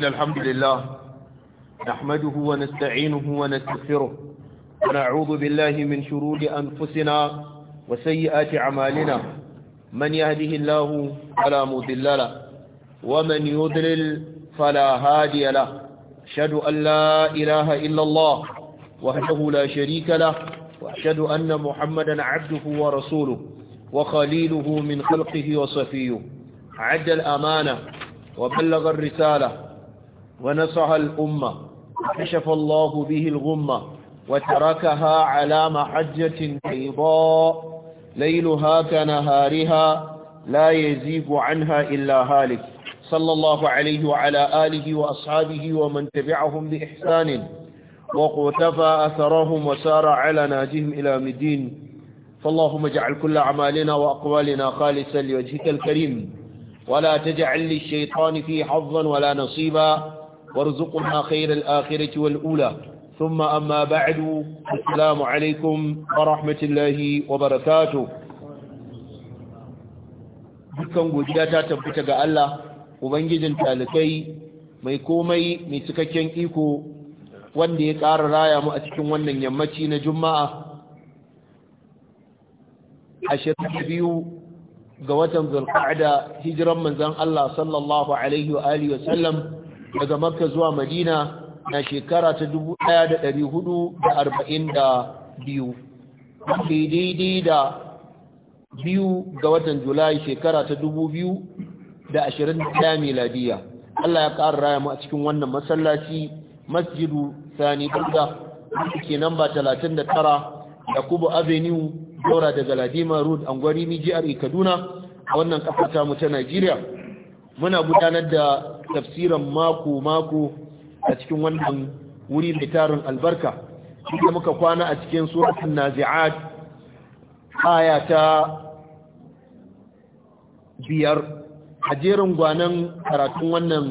إن الحمد لله نحمده ونستعينه ونستغفره ونعوذ بالله من شرور أنفسنا وسيئات أعمالنا من يهده الله فلا مضل له ومن يضلل فلا هادي له أشهد أن لا إله إلا الله وحده لا شريك له وأشهد أن محمدا عبده ورسوله وخليله من خلقه وصفيه عد الأمانة وبلغ الرسالة ونصح الأمة كشف الله به الغمة وتركها على محجة بيضاء ليلها كنهارها لا يزيغ عنها إلا هالك صلى الله عليه وعلى آله وأصحابه ومن تبعهم بإحسان وقتفى أثرهم وسار على ناجهم إلى مدين فاللهم اجعل كل أعمالنا وأقوالنا خالصا لوجهك الكريم ولا تجعل للشيطان فيه حظا ولا نصيبا وارزقنا خير الآخرة والأولى ثم أما بعد السلام عليكم ورحمة الله وبركاته dukkan godiya ta tabbata ga Allah ubangijin talikai mai komai mai cikakken iko wanda ya ƙara raya mu a cikin wannan yammaci na juma'a a biyu ga watan zulqa'da hijiran manzan Allah sallallahu alaihi wa alihi wa sallam daga makka zuwa madina na shekara ta 1442 daidai da biyu ga watan julai shekara ta 2021 miladiya Allah ya ƙara raya mu a cikin wannan masallaci masjidu sani wanda ke namba da kubu avenue dora da Galadima road gwari mijiyar kaduna a wannan kafar tamu ta najeriya muna gudanar da tafsiran mako-mako a cikin wannan wuri mai tarin albarka inda muka kwana a cikin suratun nazi'ad aya ta biyar a jerin gwanan karatun wannan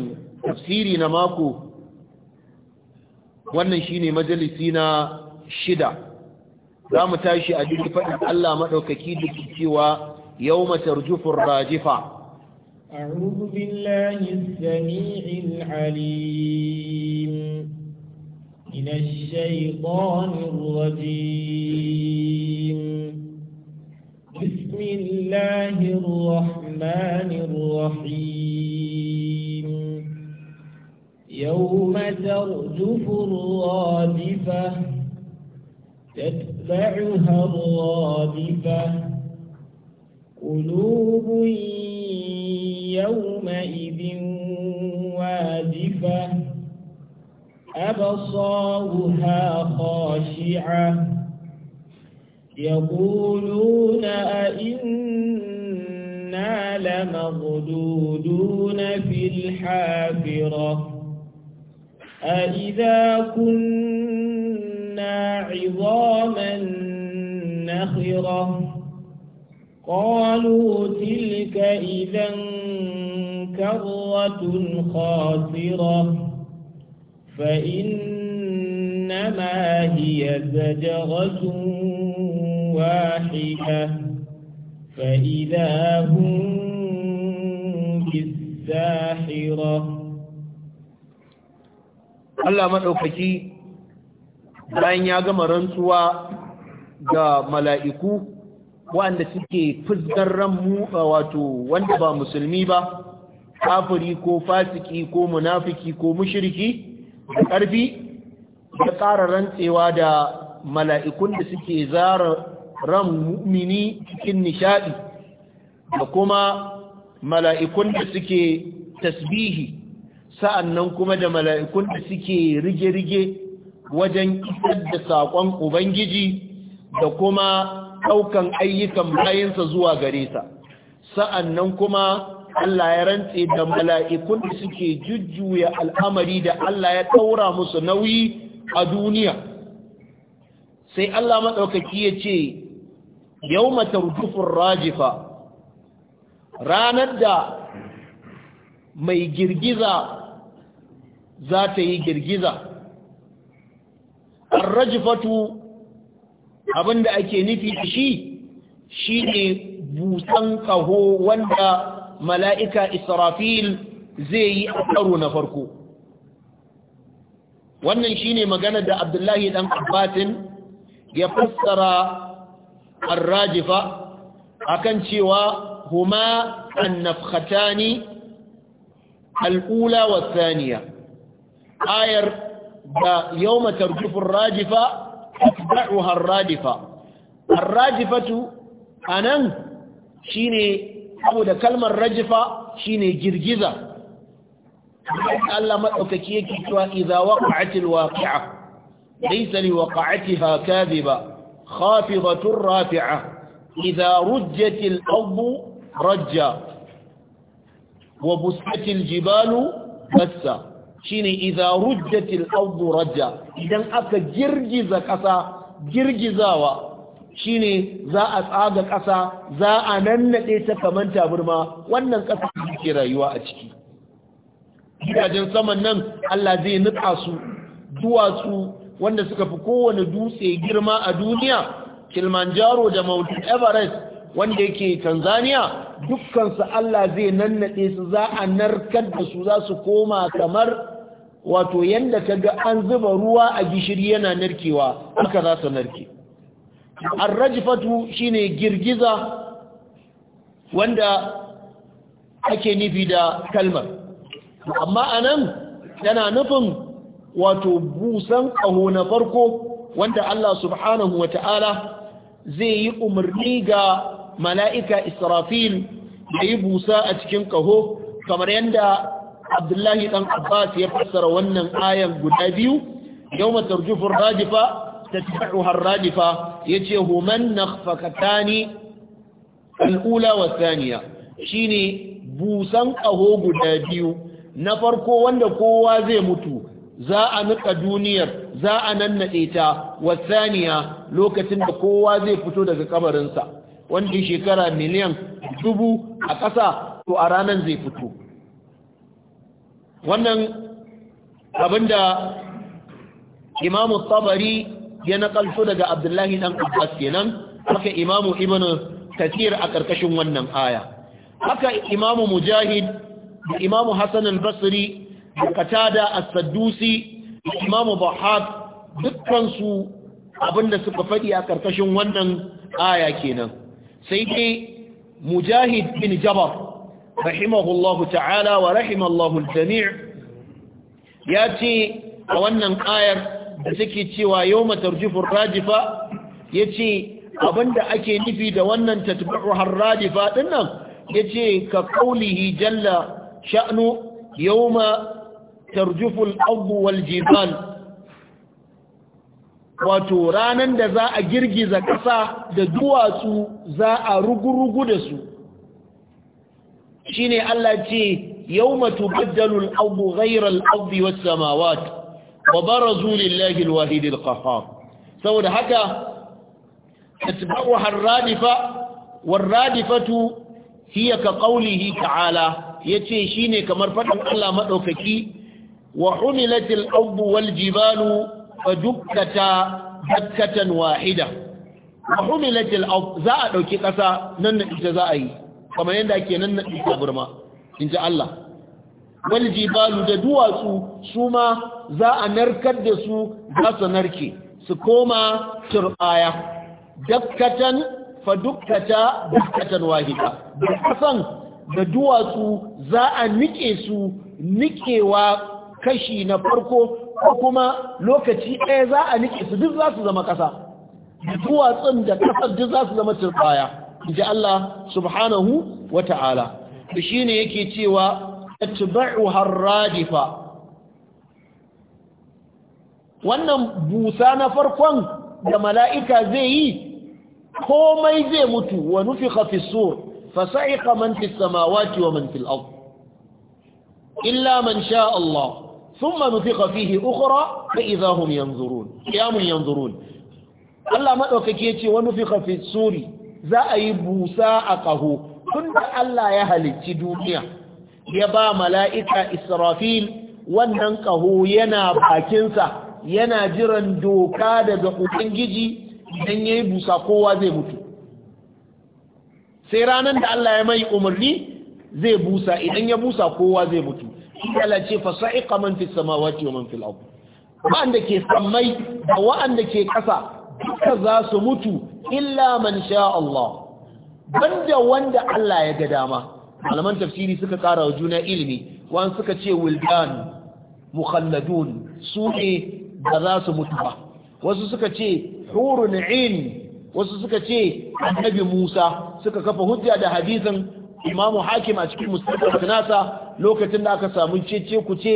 tafsiri na mako wannan shine majalisi na shida za mu tashi a jirgin faɗin Allah maɗaukaki da ke cewa yau mace rajifar rajifa أعوذ بالله السميع العليم من الشيطان الرجيم بسم الله الرحمن الرحيم يوم ترجف الرادفة تتبعها الرادفة قلوب يومئذ واجفة أبصارها خاشعة يقولون أئنا لمردودون في الحافرة أئذا كنا عظاما نخرة قالوا تلك إذا كرة خاسرة فإنما هي زجرة واحدة فإذا هم بالساحرة الله مدعوكي bayan ya gama rantsuwa ga mala'iku wanda suke fuskar ran wato wanda ba musulmi ba kafiri ko fasiki ko munafiki ko mushriki da ƙarfi da ƙara rantsewa da mala'ikun da suke zara ran mu'mini cikin nishaɗi da kuma mala'ikun da suke tasbihi sa'annan kuma da mala'ikun da suke rige-rige wajen kitar da saƙon ubangiji da kuma ɗaukan ayyukan bayansa zuwa gare sa sa'annan kuma Allah ya rantse da mala'ikun da suke jujjuya al'amari da Allah ya ɗaura musu nauyi a duniya sai Allah maɗaukaki ya ce yau matar rajifa ranar da mai girgiza za ta yi girgiza arrajifatu da ake nufi da shi shine busan kaho wanda mala'ika israfil zai yi a karo na farko wannan shine magana da abdullahi dan abbasin ya fassara arrajifa akan cewa al'ula wa Saniya." والثانية da yau ترجف rajifa. تتبعها الرادفة الرادفة أنا شيني أبو ده كلمة الرجفة شيني جرجزة الله مدعوكيك إذا وقعت الواقعة ليس لوقعتها كاذبة خافضة رافعة إذا رجت الأرض رجا وبست الجبال بسا shine idza rujjatil ardu rajja idan aka girgiza ƙasa girgizawa shine za a tsaga ƙasa za a nannade ta kaman taburma wannan ƙasa ke rayuwa a ciki gidajen saman nan Allah zai nutsa su duwatsu wanda suka fi kowane dutse girma a duniya Kilimanjaro da Mount Everest wanda yake tanzania dukkansu allah zai nannaɗe su za a narkar da su za su koma kamar wato yanda ka ga an zuba ruwa a gishiri yana narkewa haka za su narke shi shine girgiza wanda ake nufi da kalmar amma anan yana nufin wato busan ƙaho na farko wanda Allah subhanahu wa ta'ala zai yi umarni ga mala'ika israfil da yi busa a cikin ƙaho kamar yadda Abdullahi ɗan Abbas ya fassara wannan ayan guda biyu, yau matar jufin radifa, ta tafi har radifa ya ce, Human na fakatani, al’ula wa saniya, shi ne busan ƙaho guda biyu, na farko wanda kowa zai mutu, za a nuka duniyar, za a nannaɗe ta wasaniya lokacin da kowa zai fito daga kabarinsa, wanda shekara miliyan dubu a ƙasa, to a ranar zai fito. wannan abinda imamu tabari ya nakalto daga abdullahi dan abbas kenan haka imamu ibnu kathir a karkashin wannan aya haka imamu mujahid da imamu hasan al-basri da qatada as-saddusi da imamu bahab dukkan su abinda suka fadi a karkashin wannan aya kenan sai dai mujahid bin jabar rahimahu Allah ta'ala wa rahimallahu al-jami' ya ce a wannan ayar da suke cewa yawma tarjifu rajifa yace abinda ake nufi da wannan tatba'u rajifa dinnan yace ka qaulihi jalla sha'nu yawma tarjufu al-ardu wal jibal wato ranan da za a girgiza ƙasa da duwatsu za a rugurugu da su shine Allah ce yawma tubaddalu al-ardu ghayra al-ardi was-samawat wa barazu lillahi al-wahid al-qahhar saboda haka tatba'u har-radifa war-radifatu hiya ka qawlihi ta'ala yace shine kamar fadin Allah madaukaki wa humilatil ardu wal-jibalu fadukkata dakkatan wahida wa humilatil ardu za a dauki kasa nan ita za a yi kamar yadda ake nan na ɗuka burma in ji Allah Wani jibalu da duwatsu su ma za a narkar da su za su narke su koma turɓaya. dakkatan fa dukkata dukkatan wahida da kasan da duwatsu za a nike su nikewa kashi na farko ko kuma lokaci ɗaya za a nike su duk za su zama ƙasa duwatsun da ƙasar duk za su zama turɓaya. ji Allah subhanahu wa ta'ala shi ne yake cewa atba'u harradifa wannan busa na farkon da mala'ika zai yi komai zai mutu wa nufi fi sur fasa'iqa samawati wa man fil illa man sha Allah thumma nufikha fihi ukhra fa idha hum yanzurun qiyamun yanzurun Allah madaukake yace wa nufikha fi suri za a yi busa a ƙaho tun da Allah ya halicci duniya ya ba mala'ika israfil wannan ƙaho yana bakinsa yana jiran doka daga ubangiji idan ya yi busa kowa zai mutu sai ranar da Allah ya mai umarni zai busa idan ya busa kowa zai mutu Allah ce fasa'iqa fi samawa ce wa man fil ard da ke samai da wa'anda ke ƙasa duka za su mutu illa man sha Allah banda wanda Allah ya ga dama malaman tafsiri suka kara wa juna ilimi wani suka ce wildan mukhalladun su ne ba za su mutu ba wasu suka ce hurun in wasu suka ce annabi Musa suka kafa hujja da hadisin Imam Hakim a cikin Mustadrak nasa lokacin da aka samu cece kuce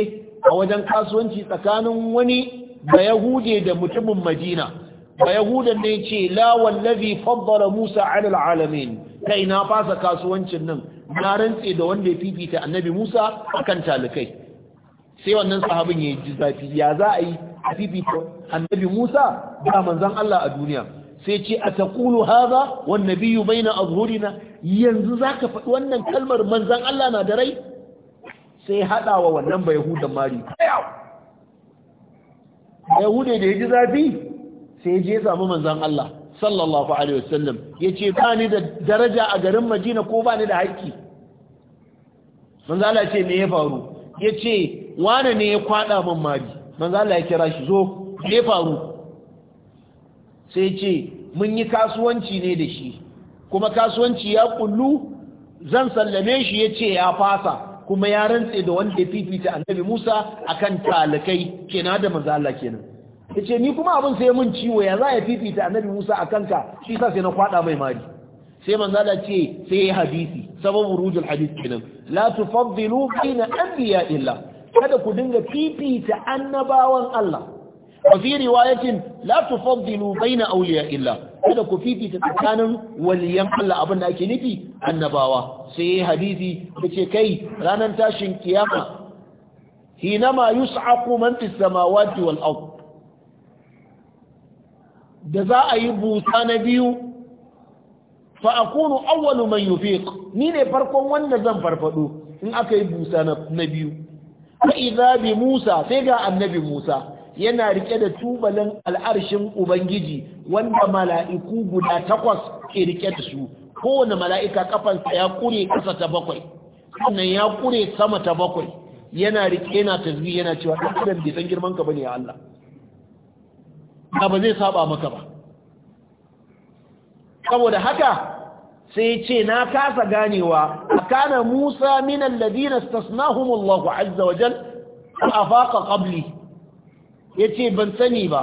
a wajen kasuwanci tsakanin wani da Yahude da mutumin Madina ba yahudan ne ce lawan wallazi faddala musa alal alamin ta ina fasa kasuwancin nan na rantse da wanda ya fifita annabi musa akan talikai sai wannan sahabin ya ji zafi ya za a yi a fifita annabi musa da manzon Allah a duniya sai ce a taqulu hadha wan nabiyyu baina azhurina yanzu zaka faɗi wannan kalmar manzon Allah na da rai sai haɗawa wannan ba yahudan mari yahude da ya ji zafi sai je samu manzan Allah sallallahu alaihi wasallam ce ba ni da daraja a garin Madina ko ba ni da haƙƙi manzan Allah ce me ya faru Ya yace wane ne ya kwaɗa min mari manzan Allah ya kira shi zo me ya faru sai ce mun yi kasuwanci ne da shi kuma kasuwanci ya kullu zan sallame shi ya ce ya fasa kuma ya rantse da wanda ya fifita annabi Musa akan talakai kenan da manzan Allah kenan ya ce ni kuma abin sai mun ciwo ya za ya fifita annabi musa a kanka shi sa sai na kwada mai mari sai manzala ce sai ya hadisi sababu rujul hadisi kenan la tufaddilu baina anbiya illa kada ku dinga fifita annabawan Allah wa fi riwayatin la tufaddilu baina awliya illa kada ku fifita tsakanin waliyan Allah abin da ake nufi annabawa sai ya hadisi yace kai ranar tashin kiyama hinama yus'aqu man fis samawati wal ardh da za a yi busa na biyu fa akunu awwalu man yufiq ni ne farkon wanda zan farfado in aka yi busa na biyu fa idza bi Musa sai ga annabi Musa yana rike da tubalin al'arshin ubangiji wanda mala'iku guda takwas ke rike da su kowane mala'ika kafansa ya kure kasa ta bakwai sannan ya kure sama ta bakwai yana rike yana tasbih yana cewa dan adam bai san girman ka ne ya Allah A'a ba zai saba maka ba saboda haka sai ce na kasa ganewa kana Musa min alladhina istasnahumullahu azza a faƙa ƙabli. Ya yace ban sani ba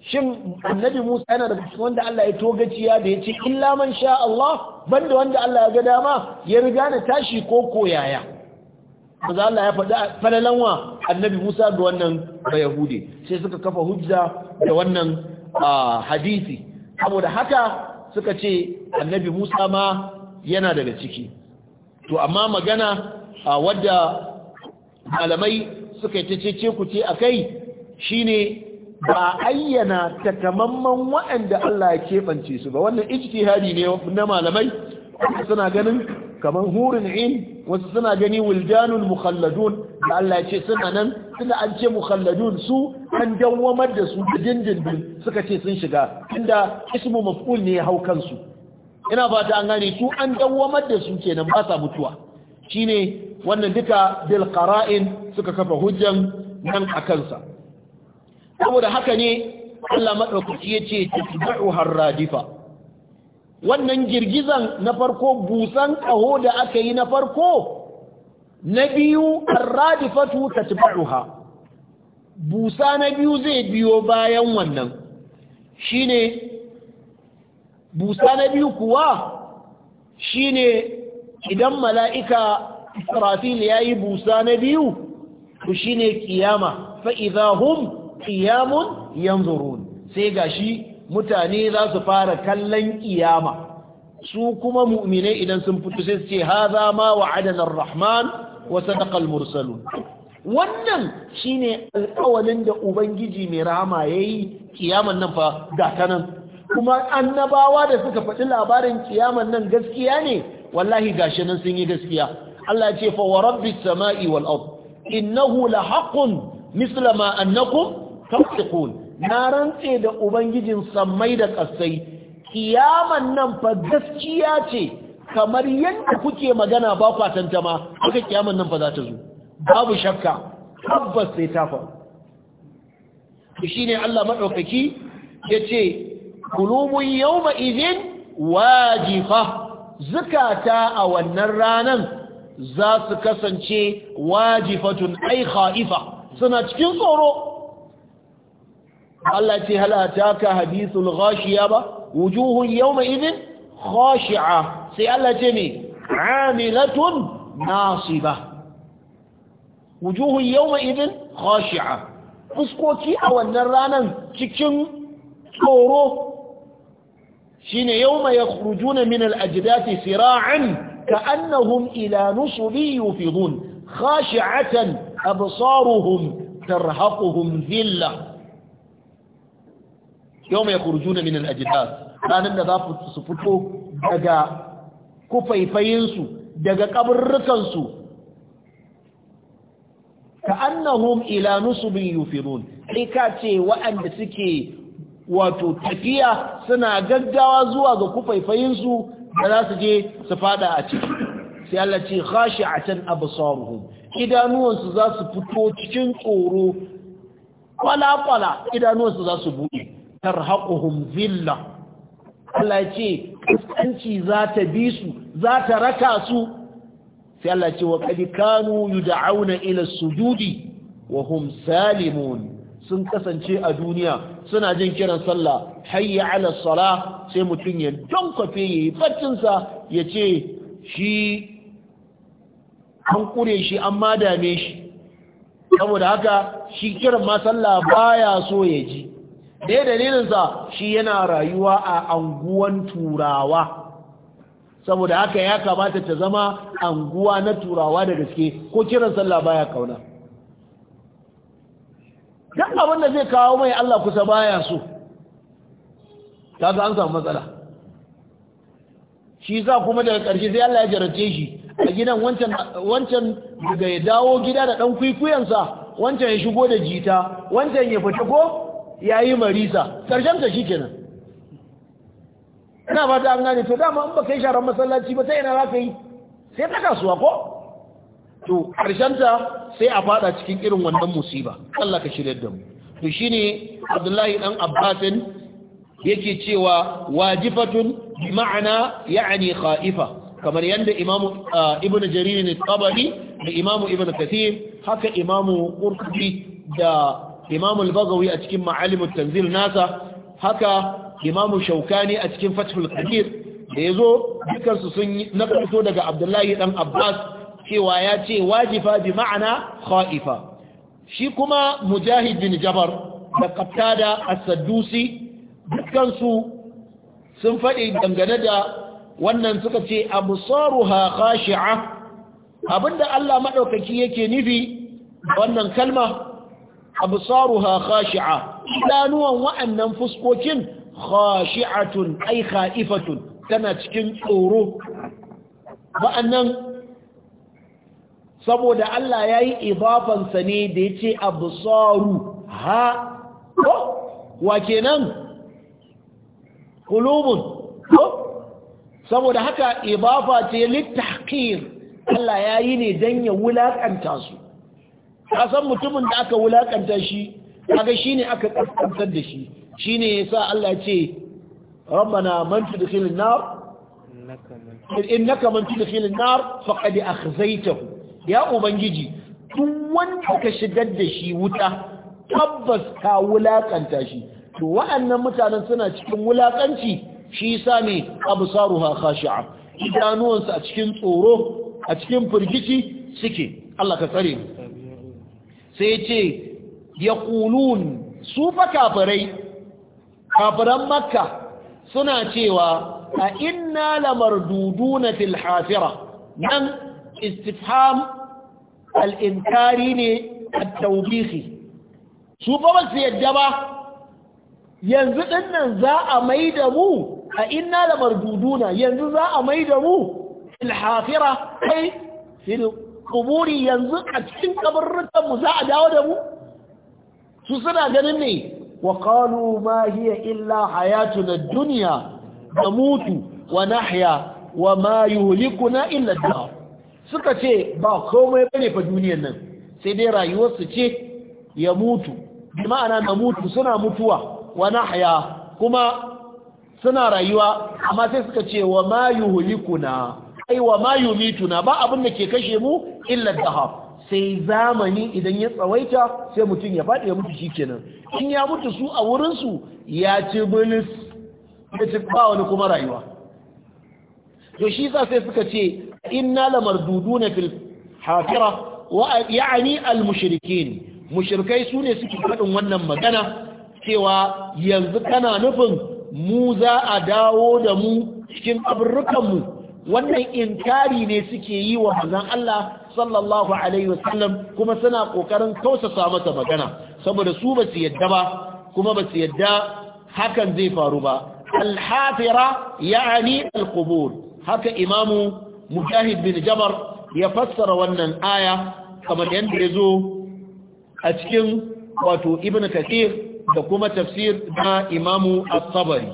shin annabi Musa yana da cikin wanda Allah ya togaciya da yace illa man sha Allah banda wanda Allah ya ga dama ya riga na tashi ko koyaya manzo Allah ya faɗa falalan wa annabi Musa da wannan ba Yahudi sai suka kafa hujja da wannan hadisi saboda haka suka ce annabi Musa ma yana daga ciki to amma magana wadda malamai suka ce ce ku ce akai shine ba ayyana takamamman waɗanda Allah ya keɓance su ba wannan ijtihadi ne na malamai suna ganin kamar hurin in wasu suna gani wildanul mukhalladun da Allah ya ce suna nan suna an ce mukhalladun su an dawwamar da su da dindindin suka ce sun shiga inda ismu maf'ul ne ya hau kansu ina fata an gane su an dawwamar da su kenan ba sa mutuwa shine wannan duka bil qara'in suka kafa hujjan nan a kansa saboda haka ne Allah madaukaki yace tatba'u harradifa wannan girgizan na farko busan ƙaho da aka yi na farko na biyu arradifatu tatba'uha busa na biyu zai biyo bayan wannan shine busa na biyu kuwa shine idan mala'ika Israfil yayi busa na biyu to shine kiyama fa idahum qiyamun yanzurun sai gashi mutane za su fara kallon ƙiyama su kuma mu'minai idan sun fito sai su ce haza ma wa ar-rahman wa sadaqa mursalu wannan shine alƙawalin da ubangiji mai rahama yayi ƙiyaman nan fa ga tanan kuma annabawa da suka faɗi labarin ƙiyaman nan gaskiya ne wallahi gashi nan sun yi gaskiya Allah ce fa wa rabbis samai wal ard innahu lahaqqun misla ma annakum tasdiqun na rantse da ubangijin sammai da ƙasai kiyaman nan fa gaskiya ce kamar yadda kuke magana ba kwa tantama haka kiyaman nan fa za ta zo babu shakka tabbas sai ta faru shi ne Allah maɗaukaki ya ce kulubun yau ma'izin wajifa zukata a wannan ranan za su kasance wajifatun ai ha'ifa suna cikin tsoro الله يتي هل أتاك حديث الغاشية وجوه يومئذ خاشعة سي الله يتي عاملة ناصبة وجوه يومئذ خاشعة فسكوكي أو النرانا تكشن تورو شين يوم يخرجون من الأجداث سراعا كأنهم إلى نصب يفضون خاشعة أبصارهم ترهقهم ذلة yau mai kurjuna min al ranar da za su fito daga kufaifayinsu daga kaburrukansu ka annahum ila nusubin yufirun sai ka ce waɗanda suke wato tafiya suna gaggawa zuwa ga kufaifayinsu da za su je su fada a ciki sai Allah ce khashi'atan absaruhum idanuwansu za su fito cikin tsoro kwala-kwala idanuwansu za su buɗe tarhaquhum zilla Allah ya ce kaskanci za ta bi su za ta raka su sai Allah ya ce wa kanu yud'auna ila sujudi wa hum salimun sun kasance a duniya suna jin kiran sallah hayya ala sala sai mutum ya donkwafe yayi baccinsa ya ce shi an kure shi an madame shi saboda haka shi kiran ma sallah baya so ya ji ne dalilinsa shi yana rayuwa a anguwan turawa saboda haka ya kamata ta zama anguwa na turawa da gaske ko kiran sallah baya kauna duk abin da zai kawo mai Allah kusa baya so ta ga an samu matsala shi za kuma daga ƙarshe sai Allah ya jarace shi a gidan wancan daga ya dawo gida da ɗan kwikwiyansa wancan ya shigo da jita wancan ya fita ko ya yi marisa ƙarshen ta shi kenan ina ba ta an gane to dama in ba kai sharan masallaci ba ta ina za ka yi sai ta kasuwa ko to ƙarshen ta sai a fada cikin irin wannan musiba Allah ka shirya da mu to ne Abdullahi dan Abbasin yake cewa wajifatun bi ya ani kaifa kamar yadda Imamu Ibn Jaririn ne tabari da Imamu Ibn Kathir haka imamu Qurtubi da imam al-bagawi a cikin ma'alimut tanzil nasa haka imam shaukani a cikin fathul qadir da yazo dukan su sun nakalto daga abdullahi dan abbas cewa ya ce wajifa bi ma'ana khaifa shi kuma mujahid bin jabar da qattada as-saddusi dukan su sun faɗi dangane da wannan suka ce absaruha khashi'a abinda Allah madaukaki yake nufi wannan kalma absaruha khashi'a idanuwan wa'annan fuskokin khashi'atun ay kha'ifatun tana cikin tsoro wa'annan saboda Allah yayi idafan sa ne da yace absaru ha ko wa kenan qulubun ko saboda haka idafa ce littahqir Allah yayi ne dan ya wulakanta su ka san mutumin da aka wulakanta shi kaga shine aka kaskantar da shi shine yasa Allah ya ce rabbana man tudkhilin nar innaka man tudkhilin nar faqad akhzaytahu ya ubangiji duk wanda ka shigar da shi wuta tabbas ka wulakanta shi to wa'annan mutanen suna cikin wulakanci shi yasa ne absaruha khashi'a idanuwansu a cikin tsoro a cikin firgici suke Allah ka tsare mu sai ce ya ƙulun su fa kafirai kafiran makka suna cewa a inna lamar lamarduduna fil hafira nan istifham al'inkari ne a taubihi su fa ba su yadda ba yanzu ɗinnan za a mai da mu a inna lamar duduna yanzu za a mai da mu fil hafira kai fil kuburi yanzu a cikin kabarrukan mu za a dawo da mu su suna ganin ne wa qalu ma hiya illa na ad-dunya mutu wa nahya wa ma yuhlikuna illa ad suka ce ba komai bane fa duniyar nan sai dai rayuwarsu ce ya mutu bi ma'ana mutu suna mutuwa wa nahya kuma suna rayuwa amma sai suka ce wa ma yuhlikuna ai wa ma yumituna ba abin da ke kashe mu illa dahab sai zamani idan ya tsawaita sai mutum ya faɗi ya mutu shikenan in ya mutu su a wurin su ya ci bilis ya ci ba wani kuma rayuwa to shi sa sai suka ce inna lamarduduna fil hafira wa ya'ni al mushrikin mushrikai su ne suke faɗin wannan magana cewa yanzu kana nufin mu za a dawo da mu cikin kaburrukanmu wannan inkari ne suke yi wa manzon Allah sallallahu alaihi wasallam kuma suna kokarin tausasa masa magana saboda su ba su yadda ba kuma ba su yadda hakan zai faru ba al-hafira ya'ni al-qubur haka imamu mujahid bin jabar ya fassara wannan aya kamar yadda ya zo a cikin wato ibn kathir da kuma tafsir na imamu as-sabari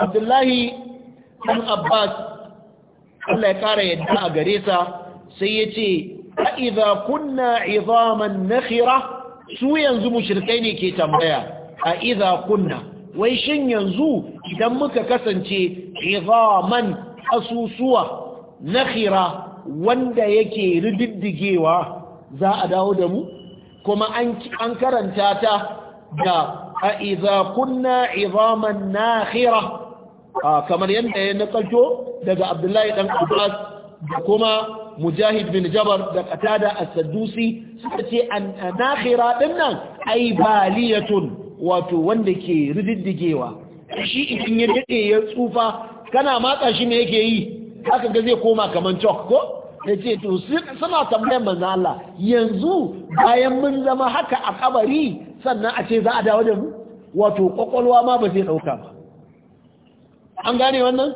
abdullahi dan abbas Allah ya kara yadda a gare sa sai ya ce a idza kunna izaman nakhira su yanzu mushrikai ne ke tambaya a idza kunna wai shin yanzu idan muka kasance izaman asusuwa nakhira wanda yake rididdigewa za a dawo da mu kuma an karanta ta da a idza kunna izaman nakhira kamar yadda ya nakalto daga abdullahi dan abbas da kuma mujahid bin jabar da qatada as-saddusi suka ce an nakhira dinnan ai baliyatun wato wanda ke rididdigewa shi idan ya dade ya tsufa kana matsa shi ne yake yi haka ga zai koma kaman cok ko yace to suna tambayar manzo Allah yanzu bayan mun zama haka a kabari sannan a ce za a dawo da mu wato kwakwalwa ma ba zai dauka ba an gane wannan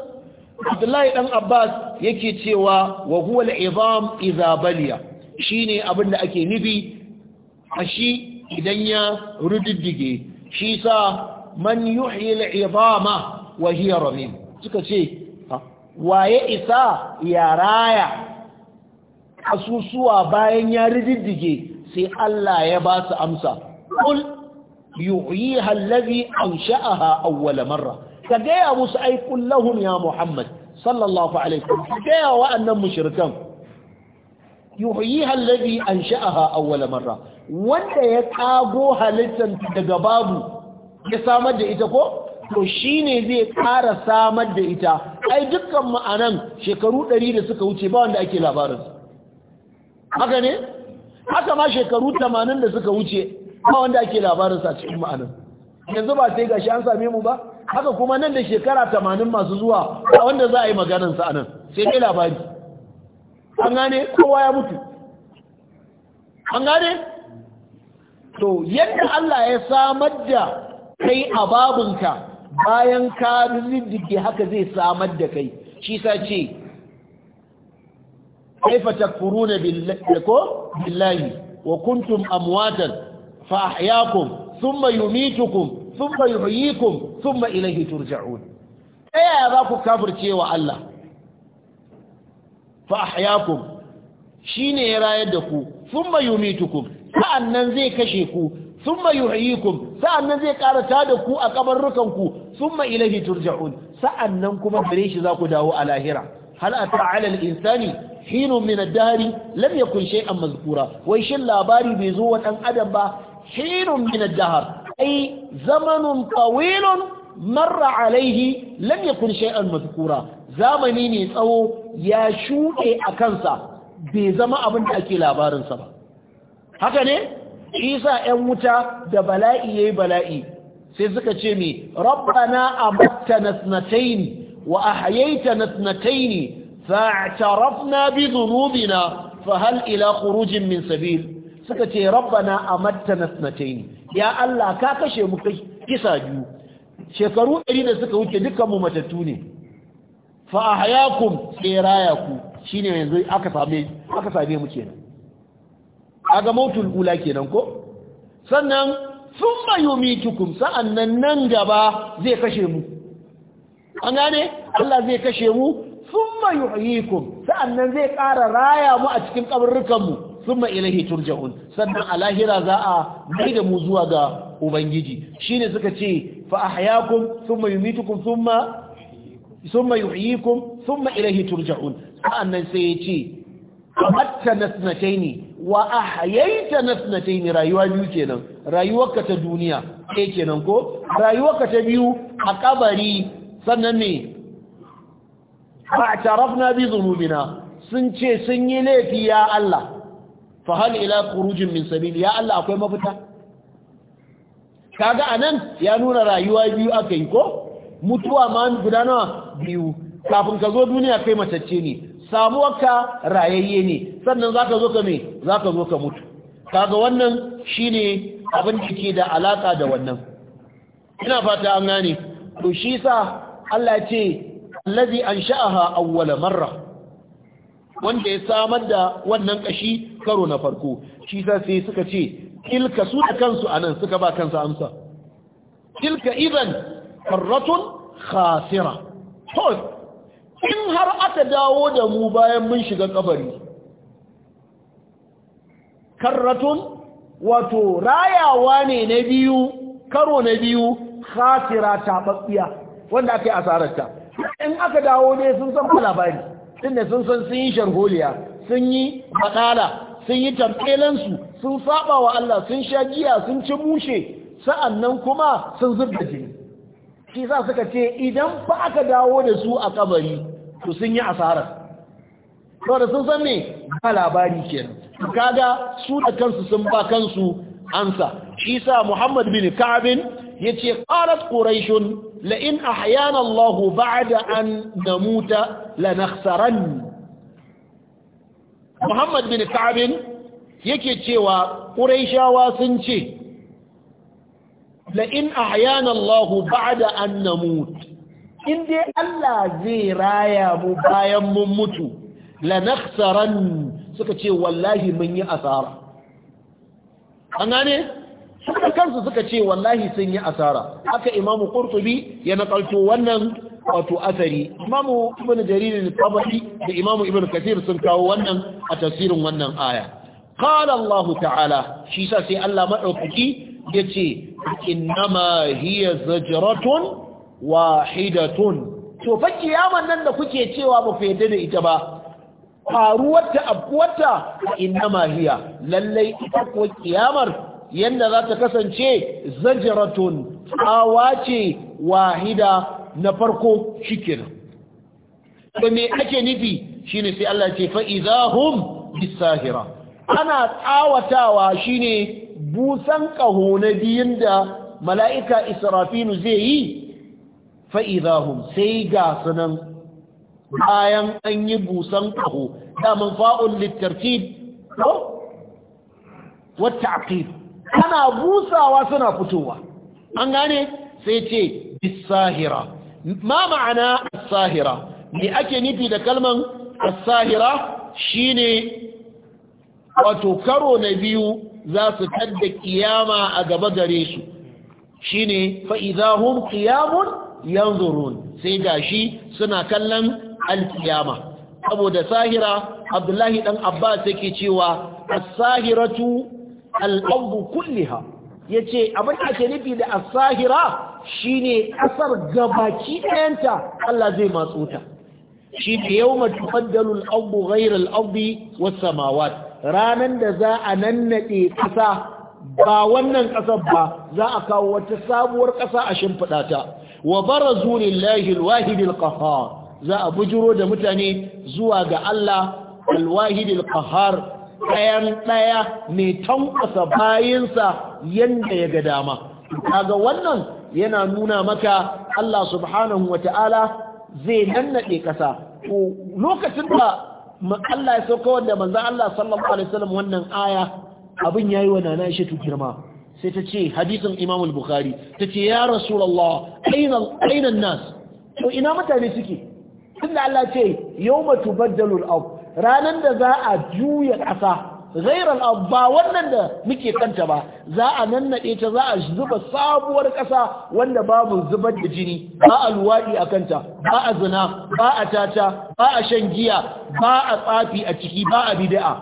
abdullahi dan abbas yake cewa wa huwa al-izam baliya shine abin da ake nufi a shi idan ya rududdige shi sa man yuhyi al wa hiya ramim suka ce waye isa ya raya asusuwa bayan ya rududdige sai Allah ya ba su amsa kul yuhyiha allazi ansha'aha awwala marra ka gaya musu ai kullahum ya muhammad sallallahu alaihi wasallam ka gaya wa'annan yi halabi alladhi ansha'aha awwala marra wanda ya kago halittan daga babu ya samar da ita ko to shine zai ƙara samar da ita ai dukkan ma'anan shekaru ɗari da suka wuce ba wanda ake labarin haka ne haka ma shekaru tamanin da suka wuce ba wanda ake labarin sa cikin ma'anan yanzu ba sai gashi an same mu ba haka kuma nan da shekara tamanin masu zuwa ba wanda za a yi maganansa a nan sai dai labari an gane kowa ya mutu an gane to yadda Allah ya samar da kai a babinka bayan ka riddige haka zai samar da kai shi sa ce kaifa takfuruna billahi ko billahi wa kuntum amwatan fa ahyaakum thumma yumitukum thumma yuhyikum thumma ilayhi turja'un yaya za ku kafirce wa Allah fa ahyaakum shine ya rayar da ku thumma yumitukum sa'annan zai kashe ku thumma yuhyikum sa'annan zai karata da ku a kabarrukan ku thumma ilayhi turja'un sa'annan kuma gare shi za ku dawo a lahira hal a 'ala insani hinun min ad-dahr lam wai shin labari bai zo wa dan adam ba hinun ai zamanun tawilun marra alaihi lam yakun shay'an mazkura zamani ne tsawo ya shuke a kansa bai zama abin da ake labarinsa ba haka ne isa 'yan wuta da bala'i yayi bala'i sai suka ce mi rabbana amattana thnatayn wa ahyaytana thnatayn fa'tarafna bi dhunubina fahal ila khurujin min sabil suka ce rabbana amattana thnatayn ya Allah ka kashe mu kisa biyu shekaru 100 da suka wuce dukkan mu matattu ne fa ahyaakum tsiraya ku shine yanzu aka same aka same mu kenan aga mautul ula kenan ko sannan thumma yumitukum sa'annan nan gaba zai kashe mu an gane Allah zai kashe mu thumma yuhyikum sa'annan zai ƙara raya mu a cikin kaburrukan mu summa ilaihi turja'un sannan a lahira za a mai da mu zuwa ga ubangiji shine suka ce fa ahyakum thumma yumitukum thumma thumma yuhyikum thumma ilaihi turja'un sa'annan sai ya ce amatta nasnataini wa ahyaita nasnataini rayuwa biyu kenan rayuwarka ta duniya ɗaya kenan ko rayuwarka ta biyu a kabari sannan me? ba a tarafna bi zunubina sun ce sun yi laifi ya Allah fahal ila khurujin min sabili ya Allah akwai mafita kaga anan ya nuna rayuwa biyu aka yi ko mutuwa ma guda nawa biyu kafin ka zo duniya kai matacce ne samuwarka rayayye ne sannan zaka zo ka me zaka zo ka mutu kaga wannan shine abin da yake da alaka da wannan ina fata an gane to shi sa Allah ya ce allazi ansha'aha awwala marra wanda ya samar da wannan kashi karo na farko shi sa sai suka ce tilka su da kansu a nan suka ba kansu amsa tilka idan karratun khasira to in har aka dawo da mu bayan mun shiga kabari karratun wato rayawa ne na biyu karo na biyu khasira tababbiya wanda aka asararta in aka dawo ne sun san labari ne sun san sun yi sharholiya sun yi matsala sun yi tamkelansu sun saba wa Allah sun sha giya sun ci mushe sa'annan kuma sun zubda jini shi sa suka ce idan ba aka dawo da su a kabari to sun yi asarar saboda sun san me ba labari kenan kaga su da kansu sun ba kansu ansa shi sa Muhammad bin Ka'ab yace qalat quraish la in ahyana Allah ba'da an namuta lanaksaran. muhammad bin ka'abin yake cewa ƙuraishawa sun ce la'in a hayanallahu ba da an namut in dai Allah zai raya mu bayan mun mutu la naksaran suka ce wallahi mun yi asara an gane suka kansu suka ce wallahi sun yi asara haka imamu qurtubi ya nakalto wannan wato asari imamu ibn jarir al-tabari da imamu ibn kathir sun kawo wannan a tafsirin wannan aya qala Allah ta'ala shi sa sai Allah madaukaki yace innama hiya zajratun wahidatun to fa kiyaman nan da kuke cewa ba ku yadda da ita ba faruwar ta abuwata innama hiya lallai ita ko kiyamar yanda za ta kasance zajratun awace wahida na farko shikenan to me ake nufi shine sai Allah ce fa idahum bisahira ana tsawatawa shine busan kaho na biyun da mala'ika israfinu zai yi fa idahum sai ga sunan bayan an yi busan kaho daman fa'ul littartib ko wata ana busawa suna fitowa an gane sai ce bisahira ma ma'ana sahira me ake nufi da kalman sahira? Shi shine wato karo na biyu za su tadda kiyama a gaba gare su shine ne idahum qiyamun yanzurun sai gashi suna kallon alkiyama saboda sahira Abdullahi dan Abbas yake cewa as-sahiratu al kulliha ya ce abin da ake nufi da asahira shi ne ƙasar gabaki ɗayanta Allah zai matso ta shi ne yau mace faddalul abu ghairar abu wasu mawat ranar da za a nannaɗe ƙasa ba wannan ƙasar ba za a kawo wata sabuwar ƙasa a shimfiɗa ta wa bara zurin lahil wahidil ƙahar za a bujiro da mutane zuwa ga Allah alwahidil ƙahar ɗayan ɗaya mai tankwasa bayinsa yadda ya ga dama kaga wannan yana nuna maka Allah subhanahu wa ta'ala zai nannaɗe ƙasa lokacin da Allah ya sauka wanda manzan Allah sallallahu alaihi wasallam wannan aya abin yayi wa nana Aisha girma sai ta ce hadisin Imam al-Bukhari ta ce ya Rasulullah aina aina nas to ina mutane suke tunda Allah ce yawma tubaddalu al ranar da za a juya ƙasa ghairar ba wannan da muke kanta ba za a nannaɗe ta za a zuba sabuwar ƙasa wanda babu zubar da jini ba a luwaɗi a kanta ba a zina ba a tata ba a shan giya ba a tsafi a ciki ba a bid'a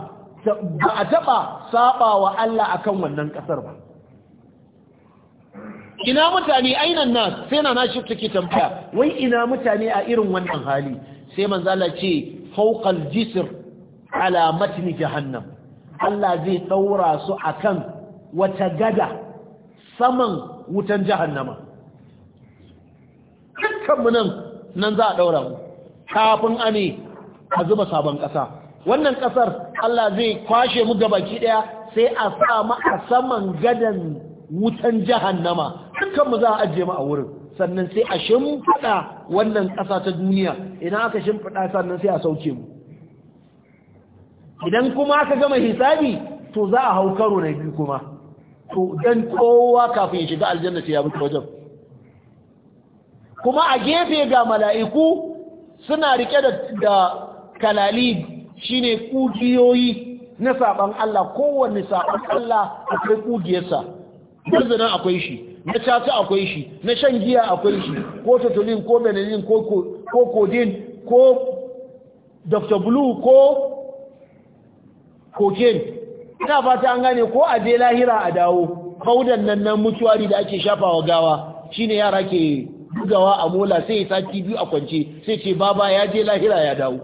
ba a taɓa saɓa wa Allah akan wannan ƙasar ba ina mutane ainan na sai na nashi take tambaya wai ina mutane a irin wannan hali sai manzo Allah ce fawqal jisr ala matni jahannam Allah zai ɗaura su akan wata gada saman wutan jahannama dukkan mu nan nan za a ɗaura mu kafin ane a zuba sabon ƙasa. wannan ƙasar Allah zai kwashe mu gabaki ɗaya sai a sa mu a saman gadan wutan jahannama dukkanmu za a ajiye mu a wurin sannan sai a shimfiɗa wannan ƙasa ta duniya idan aka shimfiɗa sannan sai a sauke mu idan kuma aka gama hisabi to za a hau karo na biyu kuma to dan kowa kafin ya shiga aljanna ya mutu wajen kuma a gefe ga mala'iku suna rike da, da kalali shine kugiyoyi na saban Allah kowanne saban Allah akwai kugiyarsa zanen akwai shi na caca akwai shi na shan giya akwai shi ko tatolin ko benelin ko kodin ko dr blue ko cocaine ina fata an gane ko a je lahira a dawo faudan nan nan mutuwari da ake shafawa gawa shine yara ke bugawa a mola sai ya biyu a kwance sai ce baba ya je lahira ya dawo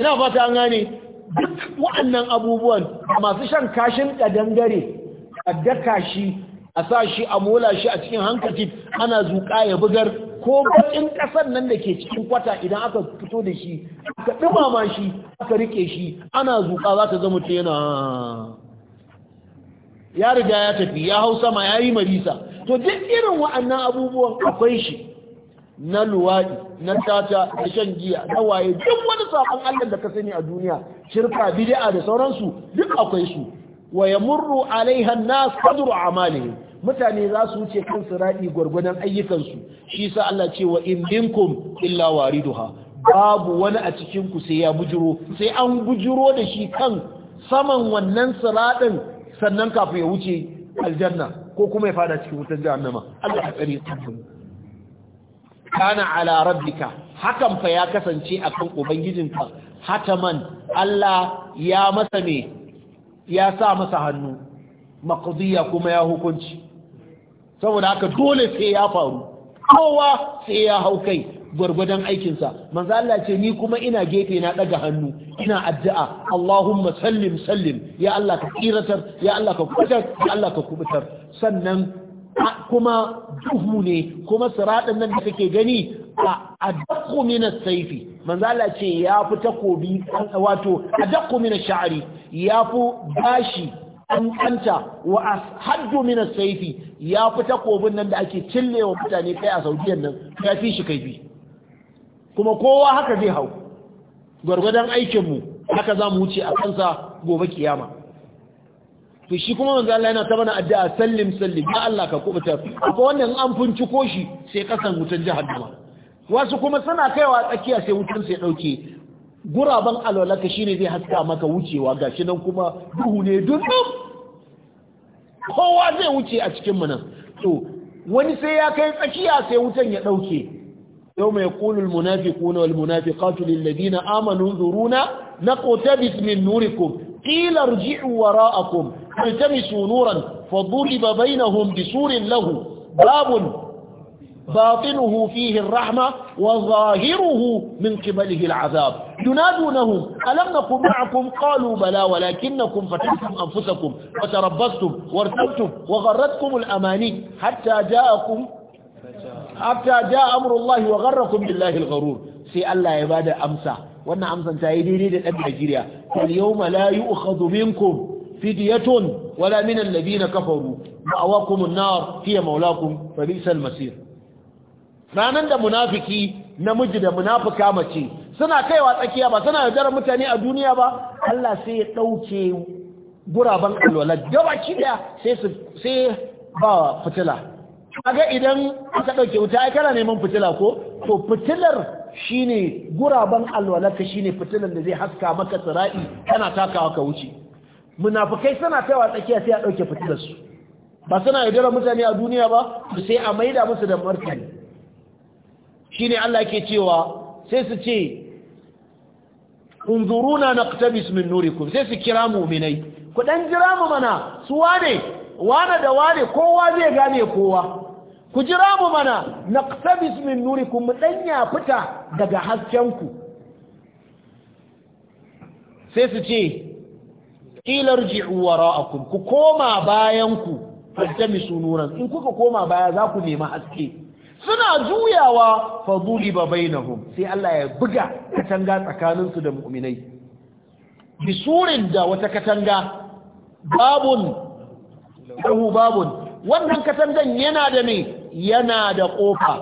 ina fata an gane duk wa'annan abubuwan masu shan kashin kadangare a daka shi a sa shi a mola shi a cikin hankali ana zuƙa ya bugar ko bakin ƙasar nan da ke cikin kwata idan aka fito da shi aka ɗumama shi aka rike shi ana zuƙa za ta zama yana ya riga ya tafi ya hau sama ya yi marisa to duk irin wa'annan abubuwan akwai shi na luwaɗi na tata da shan giya na waye duk wani sabon allah da ka sani a duniya shirka bidi'a da sauransu duk akwai su wa murru alaiha an-nas qadru a'malihim mutane za su wuce kan sirati gurgudan ayyukansu shi sa Allah ce wa in minkum illa wariduha babu wani a cikin ku sai ya bujuro sai an bujuro da shi kan saman wannan siratin sannan kafin ya wuce aljanna ko kuma ya fada cikin wutar jahannama Allah ya ku kana ala rabbika hakan fa ya kasance akan ubangijinka hataman Allah ya masa me ya sa masa hannu maqdiya kuma ya hukunci saboda haka dole sai ya faru kowa sai ya hau kai gwargwadon aikinsa manzala ce ni kuma ina gefe na daga hannu ina addu'a Allahumma sallim sallim ya Allah ka kiratar ya Allah ka kubutar ya Allah ka kubutar sannan kuma duhu ne kuma siradin nan da kake gani a adaqu min as ce ya fi takobi wato a min sha'ari. ya fi bashi ƙanƙanta wa a min mina saifi ya fi takobin nan da ake cille wa mutane kai a Saudiyan nan ya fi shi kai bi kuma kowa haka zai hau gwargwadon aikinmu haka za mu wuce a kansa gobe kiyama to shi kuma manzo Allah yana ta mana addu'a sallim sallim ya Allah ka kubuta ko wannan an funci ko shi sai kasan wutan jahannama wasu kuma suna kaiwa tsakiya sai wutan sai dauke guraben alwalaka shine zai haska maka wucewa gashi nan kuma duhu ne dundum kowa zai wuce a cikin nan to wani sai ya kai tsakiya sai wutan ya dauke yawma yaqulu almunafiquna walmunafiqatu lilladheena amanu dhuruna naqtabis min nurikum qila irji'u wara'akum iltamisu nuran faduriba bainahum bisurin lahu babun باطنه فيه الرحمة وظاهره من قبله العذاب ينادونهم ألم نكن معكم قالوا بلى ولكنكم فتحتم أنفسكم وتربصتم وارتبتم وغرتكم الأماني حتى جاءكم حتى جاء أمر الله وغركم بالله الغرور سي الله يبادى أمسى وأن أمسى تأيدين للأب نيجيريا فاليوم لا يؤخذ منكم فدية ولا من الذين كفروا مأواكم النار هي مولاكم فبئس المسير ranar da munafiki namiji da munafuka mace suna kaiwa tsakiya ba suna yaudarar mutane a duniya ba Allah sai ya ɗauke guraben alwala gabaki daya sai ba fitila kaga idan aka ɗauke wuta ai kana neman fitila ko to fitilar shine guraben ka shine fitilar da zai haska maka tsira'i kana takawa ka wuce munafikai suna kaiwa tsakiya sai a ɗauke fitilar su ba suna yaudarar mutane a duniya ba sai a maida musu da martani shine Allah yake cewa sai su ce unzuruna naqtabis min nurikum sai su kira mu'minai ku dan jira mu mana su wane wane da wane kowa zai gane kowa ku jira mu mana naqtabis min nurikum mu dan ya fita daga hasken ku sai su ce ila rji'u wara'akum ku koma bayan ku fattamisu nuran in kuka koma baya za ku nemi haske suna juyawa fa duliba bainahum sai Allah ya buga katanga tsakaninsu da mu'minai bisurin da wata katanga babun lahu babun wannan katangan yana da ne yana da kofa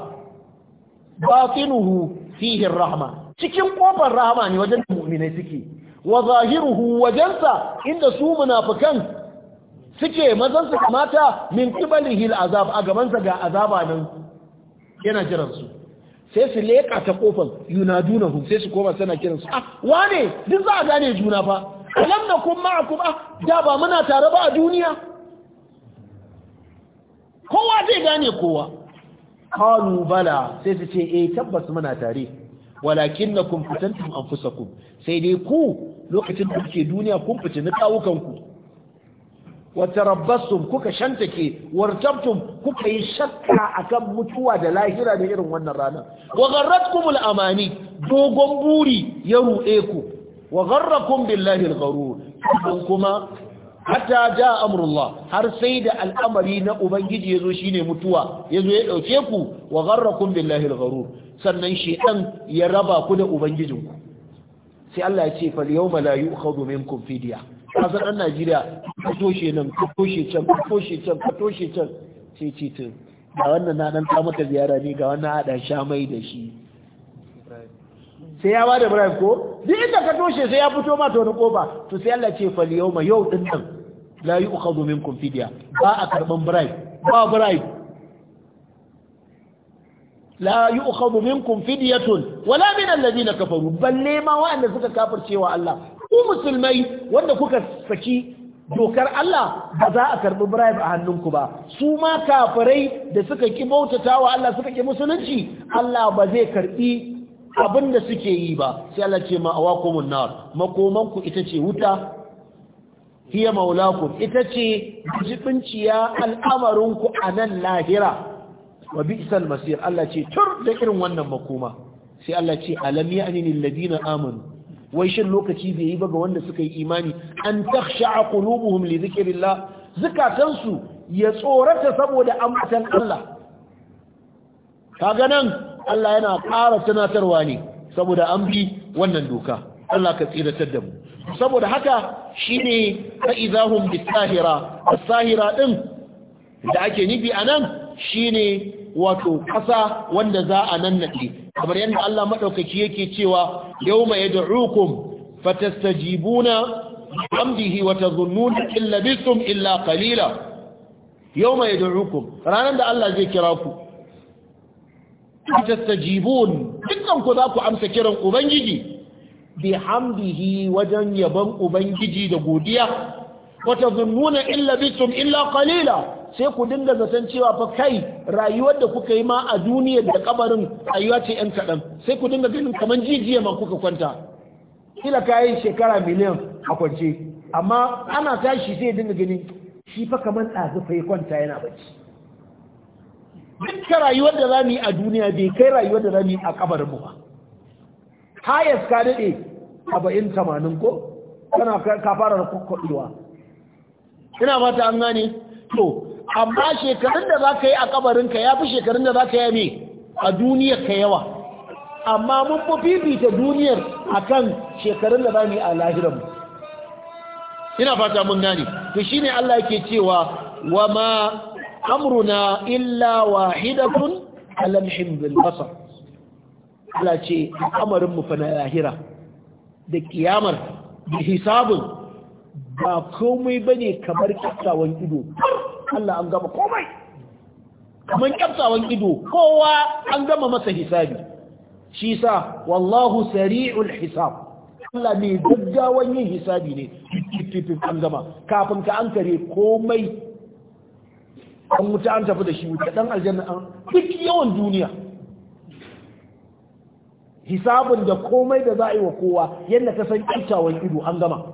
batinuhu fihi rahma cikin kofar rahma ne wajen mu'minai suke wa zahiruhu wajensa inda su munafikan suke mazan su kamata min qibalihil azab a gaban sa ga azaba nan yana jiran sai su leƙa ta kofar yunaduna hum sai su koma suna kiran su ah wane duk za a gane juna fa alam na kun ku ah da ba muna tare ba a duniya kowa zai gane kowa kanu bala sai su ce eh tabbas muna tare na walakin an fitantum ku? sai dai ku lokacin da kuke duniya kun fitina kawukanku watarabbastum kuka shantake wartabtum kuka yi shakka akan mutuwa da lahira da irin wannan rana wa gharratkum al-amani dogon buri ya ruɗe ku wa gharrakum billahi al-gharur kuma hatta ja amrullah har sai da al'amari na ubangiji yazo shine mutuwa yazo ya dauke ku wa gharrakum billahi al-gharur sannan shedan ya raba ku da ubangijinku sai Allah ya ce fal yawma la yu'khadhu minkum fidya kasar ɗan najeriya ka toshe nan ka toshe can ka toshe can ka toshe can sai ce tun ga wannan na ɗan mata ziyara ne ga wannan haɗa sha mai da shi sai ya ba da bribe ko duk inda ka toshe sai ya fito ma ta wani kofa to sai Allah ce fali yau yau din nan la uka minkum fidya ba a karban bribe ba bribe la yu'khadhu minkum fidyatun wala min alladhina kafaru balle ma wa'anda suka kafircewa Allah ku musulmai wanda kuka saki dokar Allah ba za a karɓi bribe a hannunku ba su ma kafirai da suka ki bautatawa Allah suka ki musulunci Allah ba zai karɓi abin da suke yi ba sai Allah ce ma komun nar makomanku ita ce wuta hiya maulakum ita ce jibinciya al'amarinku a nan lahira wa bi'sal masir Allah ce tur da irin wannan makoma sai Allah ce alam ya'ni lil ladina amanu wai shin lokaci zai yi ba ga wanda suka yi imani an taksha a li dhikrillah ya tsorata saboda ambatan Allah kaga nan Allah yana ƙara tunatarwa ne saboda an bi wannan doka Allah ka tsiratar da mu saboda haka shine fa idahum bisahira A sahira ɗin da ake nufi anan shine wato ƙasa wanda za a nan naɗe kamar yadda Allah maɗaukaki yake cewa yau mai da'ukum jibuna, amdihi wata tazunnuna illa bisum illa kalila. yau mai da'ukum ranar da Allah zai kira ku jibun, dukkan ku za ku amsa kiran ubangiji bi hamdihi wajen yaban ubangiji da godiya Wata tazunnuna illa bisum illa kalila. sai ku dinga zaton cewa fa kai rayuwar da kuka yi ma a duniya da kabarin rayuwa ce yan kaɗan sai ku dinga ganin kamar jijiya ma kuka kwanta kila ka yi shekara miliyan a kwance amma ana tashi sai dinga gani. shi fa kamar ɗazu fa ya kwanta yana bacci dukkan rayuwar da za mu yi a duniya bai kai rayuwar da za mu yi a kabarin mu ba hayas ka daɗe saba'in tamanin ko kana ka fara kuɗewa ina mata an gane to amma shekarun da za ka yi a kabarinka ya fi shekarun da za ka yi a duniyar ka yawa amma mun fi duniyar a kan shekarun da za mu yi a lahiranmu ina fata mun gane to shi ne Allah yake cewa wa ma amruna illa wahidatun alamhim Alamshin basar Allah ce amarinmu fa na lahira da kiyamar da hisabun ba komai bane kamar kyakkyawar ido Allah an gama komai kamar kyaftawan ido kowa an gama masa hisabi shi sa wallahu sari'ul hisab Allah mai gaggawan yin hisabi ne fififin an gama kafin ka an kare komai an wuta an tafi da shi wuta dan aljanna an duk yawan duniya hisabin da komai da za a yi wa kowa yadda ka san kyaftawan ido an gama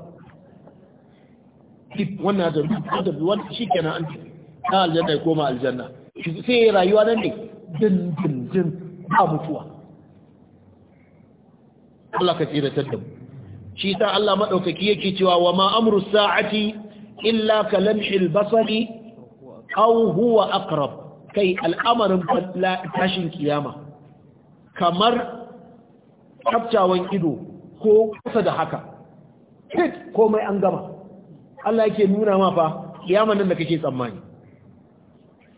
skip wannan da da wannan shikenan an ta aljanna ya koma aljanna sai rayuwa nan ne din din din ba mutuwa Allah ka tsira ta dabu shi sa Allah madaukaki yake cewa wa ma amru sa'ati illa ka lamhil basari aw huwa aqrab kai al'amarin tashin kiyama kamar kaftawan ido ko kusa da haka fit komai an gama Allah yake nuna ma fa kiyaman nan da kake tsammani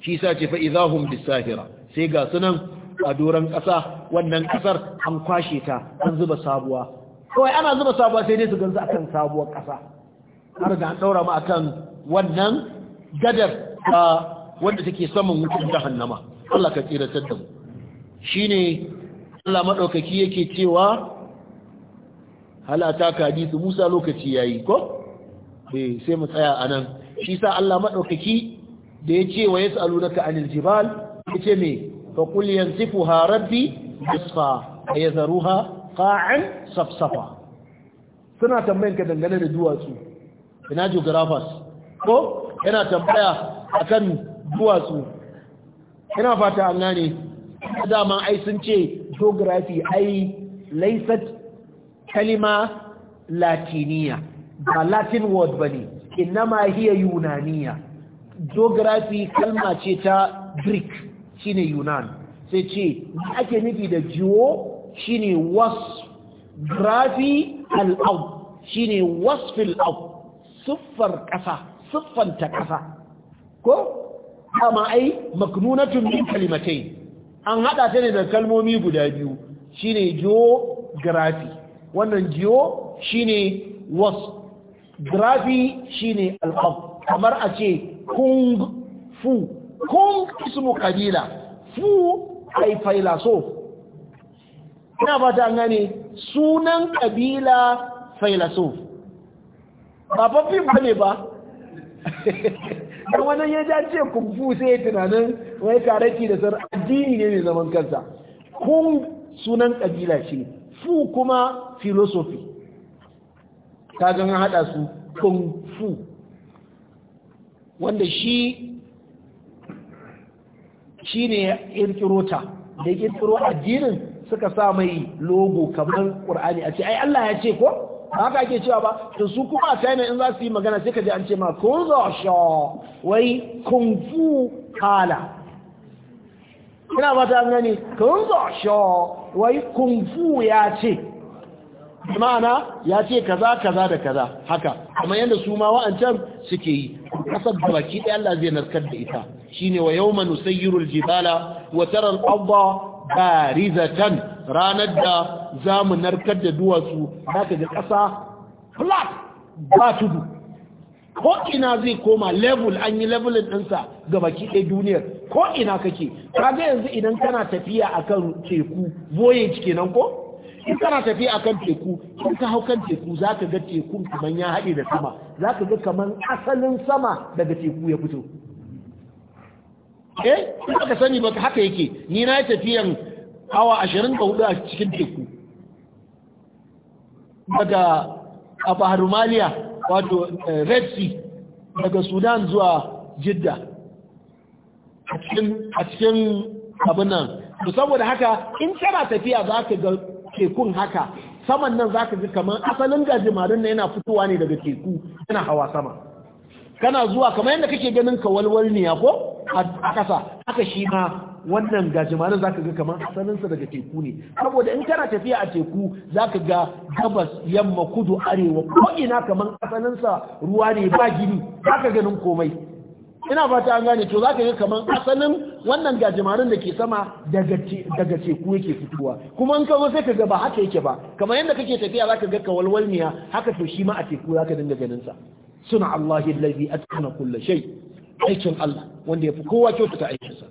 shi sa ce fa idahum bisahira sai ga sunan a doran ƙasa wannan ƙasar an kwashe ta an zuba sabuwa kawai ana zuba sabuwa sai dai su ganzu akan sabuwar kasa har da an daura ma akan wannan gadar wanda take saman wucin jahannama Allah ka tsira da mu shine Allah madaukaki yake cewa halata ka Musa lokaci yayi ko eh sai mu tsaya anan shi sa Allah maɗaukaki da ya ce wa yas'alunaka anil jibal yace me fa qul yansifuha rabbi isfa ayzaruha qa'an safsafa suna tambayan ka dangane da duwatsu ina geographers ko yana tambaya akan duwatsu ina fata an gane dama ai sun ce geography ai laysat kalima latiniya ba latin word ba ne innama hiya yunaniya geography kalma ce ta greek shine yunan sai ce ake nufi da jiwo shine was grafi al shine wasfil ard siffar ƙasa siffanta ƙasa ko amma ai maknunatun min kalimatai an hada ta ne da kalmomi guda biyu shine geography wannan geo shine was shi shine alqab kamar a ce kung fu kung ismu kabila fu ai so ina ba ta gane sunan kabila failasof ba fafin ba ne ba don wani ya dace kung fu sai tunanin wai karaki da sar addini ne mai zaman kansa kung sunan kabila ce fu kuma filosofi ta an haɗa su kung fu wanda shi shi ne ya ta da ƙirƙiro addinin suka sa mai logo kamar ƙur'ani a ce ai Allah ya ce ko haka ake cewa ba to su kuma a China in za su yi magana sai ka ji an ce ma kun zo wai kung fu kala ina ba ta gani kun zo wai kung fu ya ce ma'ana ya ce kaza kaza da kaza haka kamar yadda su ma wa'ancan suke yi kasar da baki ɗaya Allah zai narkar da ita shine wa yawma nusayyiru aljibala wa tara al barizatan ranar da zamu narkar da duwatsu zaka ga kasa flat ba tudu ko ina zai koma level an yi levelin ɗinsa ga baki ɗaya duniyar ko ina kake kaga yanzu idan kana tafiya akan teku voyage kenan ko in kana tafiya kan teku in ka hau kan teku za ka ga teku kamar ya haɗe da sama za ka ga kamar asalin sama daga teku ya fito eh in ka sani ba haka yake ni na yi tafiyan awa ashirin da hudu a cikin teku daga a bahar maliya wato eh, red sea daga sudan zuwa jidda a cikin abinan saboda haka in kana tafiya za ka ga tekun haka saman nan zaka ji kamar asalin gajimarin na yana fitowa ne daga teku yana hawa sama kana zuwa kamar yadda kake ganin ne kawalwalniya ko a ƙasa haka shi ma wannan za zaka ga kamar asalinsa daga teku ne saboda in kana tafiya a teku zaka ga gabas yamma kudu arewa ko ina kamar asalinsa ruwa ne ba gini ka ganin komai ina fata an gane to za ka yi kamar asalin wannan gajimarin da ke sama daga teku yake fitowa kuma in kawo sai ka ga ba haka yake ba kamar yadda kake tafiya za ga kawalwal miya haka to shi ma a teku za ka dinga ganinsa suna Allah laifi a kulle shai aikin Allah wanda ya fi kowa kyautata sa.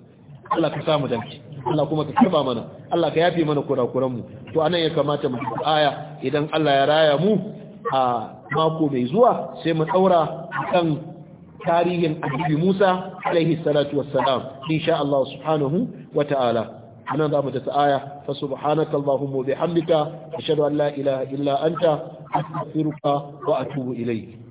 Allah ka samu danki, Allah kuma ka karba mana Allah ka yafe mana kurakuranmu to anan ya kamata mu aya idan Allah ya raya mu a mako mai zuwa sai mu daura kan tarihin annabi Musa alaihi salatu wassalam insha Allah subhanahu wa ta'ala anan zamu ta aya fa subhanaka allahumma bihamdika ashhadu an la ilaha illa anta astaghfiruka wa atubu ilayk